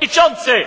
liczący.